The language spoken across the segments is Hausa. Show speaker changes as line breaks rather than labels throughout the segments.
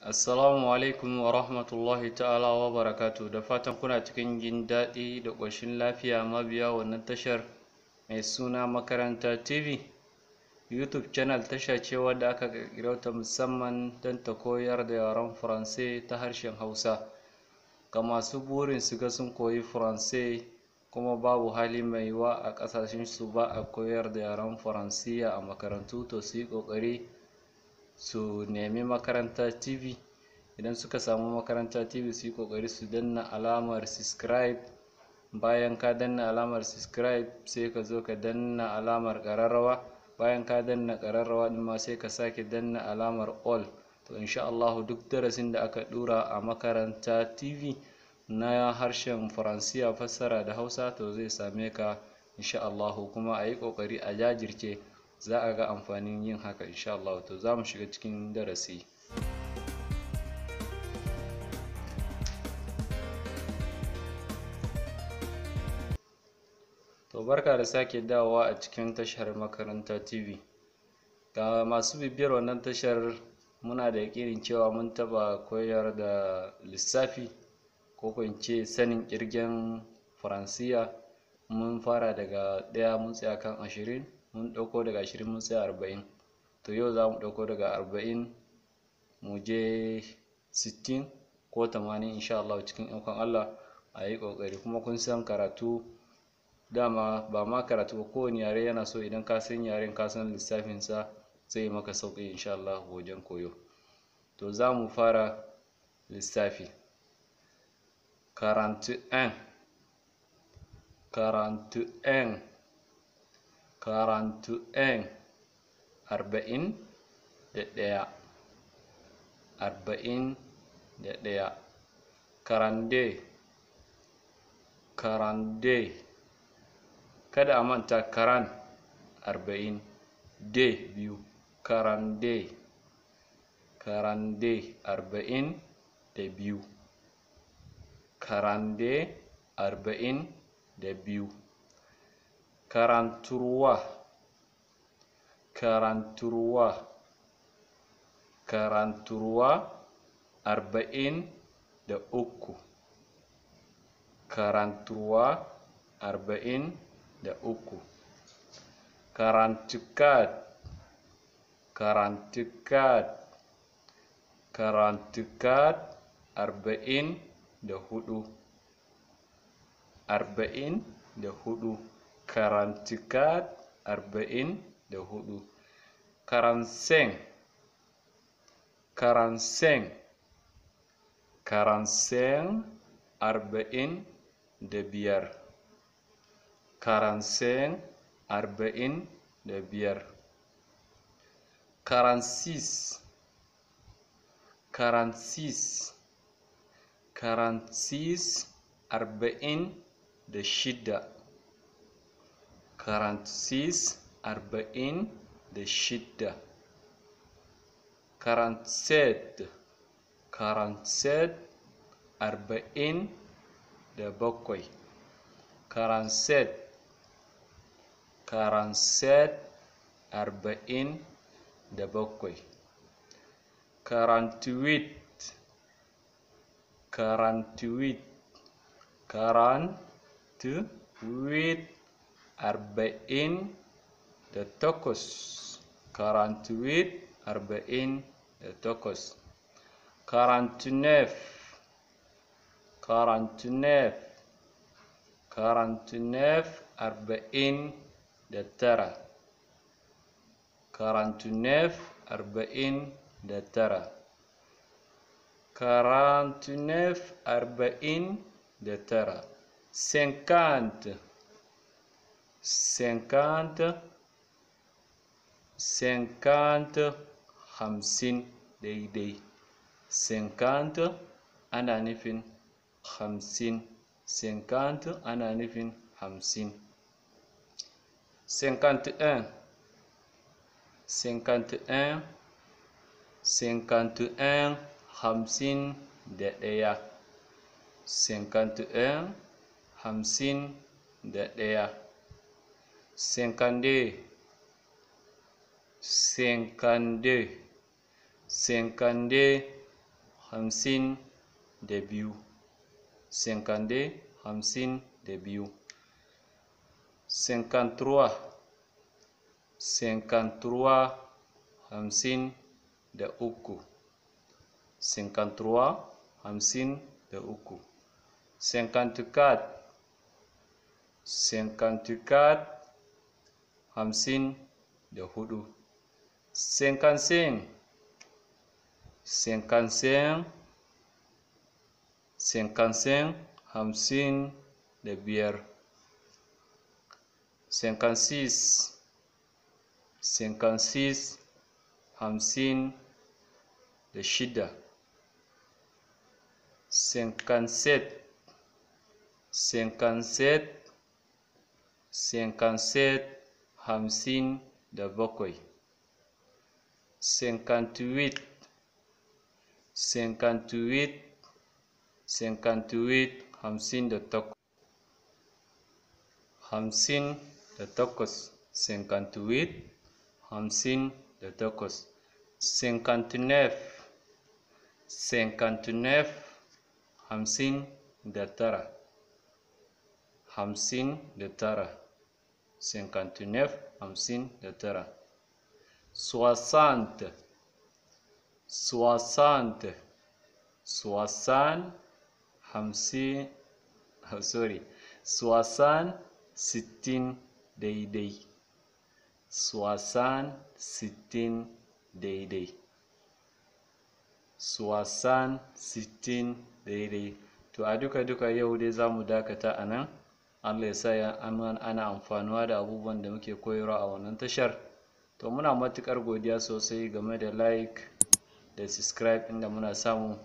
Assalamu alaikum wa rahmatullahi ta'ala wa barakatu da fatan kuna cikin jin daɗi da ƙoshin lafiya mabiya wannan tashar mai suna makaranta TV. YouTube channel tasha ce wadda aka ƙirƙiro ta musamman don ta koyar da yaren Faransai ta harshen Hausa. Ga masu burin su ga sun koyi Faransai kuma babu hali mai wa a ƙasashen su ba a koyar da yaren Faransiya a makarantu to su yi ƙoƙari su nemi makaranta tv idan suka samu makaranta tv su yi kokari su danna alamar subscribe bayan ka danna alamar subscribe sai ka zo ka danna alamar kararrawa bayan ka danna kararrawa din ma sai ka sake danna alamar all to insha Allah duk darasin da aka dura a makaranta TV na harshen Faransiya fassara da Hausa to zai same ka insha Allah kuma a yi kokari a jajirce za a ga amfanin yin haka insha Allah to za mu shiga cikin darasi to barka da sake dawowa a cikin tashar makaranta tv ga masu bibiyar wannan tashar muna da yakinin cewa mun taba koyar da lissafi ko kwance sanin kirgen faransiya mun fara daga ɗaya mun tsaya kan ashirin mun ɗauko daga ashirin mun sai arba'in to yau za mu ɗauko daga arba'in mu je sittin ko tamanin insha Allah cikin ikon Allah a yi ƙoƙari kuma kun san karatu dama ba ma karatu ba kowane yare yana so idan ka san yaren ka san lissafinsa zai yi maka sauƙi insha Allah wajen koyo to za mu fara lissafi karantu 41 quarante-un arba'in da ɗaya arba'in da ɗaya karande karande kada a manta karan arba'in de biyu karande karande arba'in da biyu karande arba'in da biyu karanturuah karanturuah karanturuah arba'in da uku karanturuah arba'in da uku karantukat karantukat karantukat arba'in da hudu arba'in da hudu karantikat arba'in da hudu karansen karansen karansen arba'in da biyar karansen arba'in da biyar karansis karansis karansis arba'in da shida karantsis arba'in dashidda karantset karantset arba'in da bakwai karantset karantset arba'in da bakwai karantwit karantwit karantwit arba'in da takwas karantiwit arba'in da takwas karantinef karantinef karantinef arba'in da tara karantinef arba'in da tara karantinef arba'in da tara cinquante cinquante, cinquante hamsin daidai cinquante ana nufin hamsin cinquante ana nufin hamsin cinquante un cinquante un cinquante un hamsin da ɗaya cinquante un hamsin da ɗaya 52 52 52 hamsin da biyu sinkande hamsin da biyu sinkanturwa hamsin da uku hamsin da uku sinkantukat hamsin da hudu sinkansin hamsin da biyar sinkansis sinkansis hamsin da shida sinkanset sinkanset sinkanset hamsin da bakwai Sinkantuwit Sinkantuwit Sinkantuwit hamsin da takwas hamsin da takwas Sinkantuwit hamsin da takwas Sinkantunef Sinkantunef hamsin da tara hamsin da tara 59, 59, 60, 60, 60, 50, sorry, 60, 60 daidai, 60, 60 daidai, 60, 60 daidai. To a duka-duka yau dai zamu dakata a nan. Allah ya sa ya ana amfanuwa da abubuwan da muke koyarwa a wannan tashar to muna matukar godiya sosai game da like da subscribe inda muna samu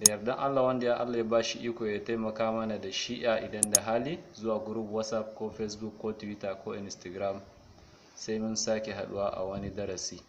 da yardan Allah wanda ya Allah ya bashi iko ya taimaka mana da shi'a idan da hali zuwa group whatsapp ko facebook ko twitter ko instagram sai mun sake haduwa a wani darasi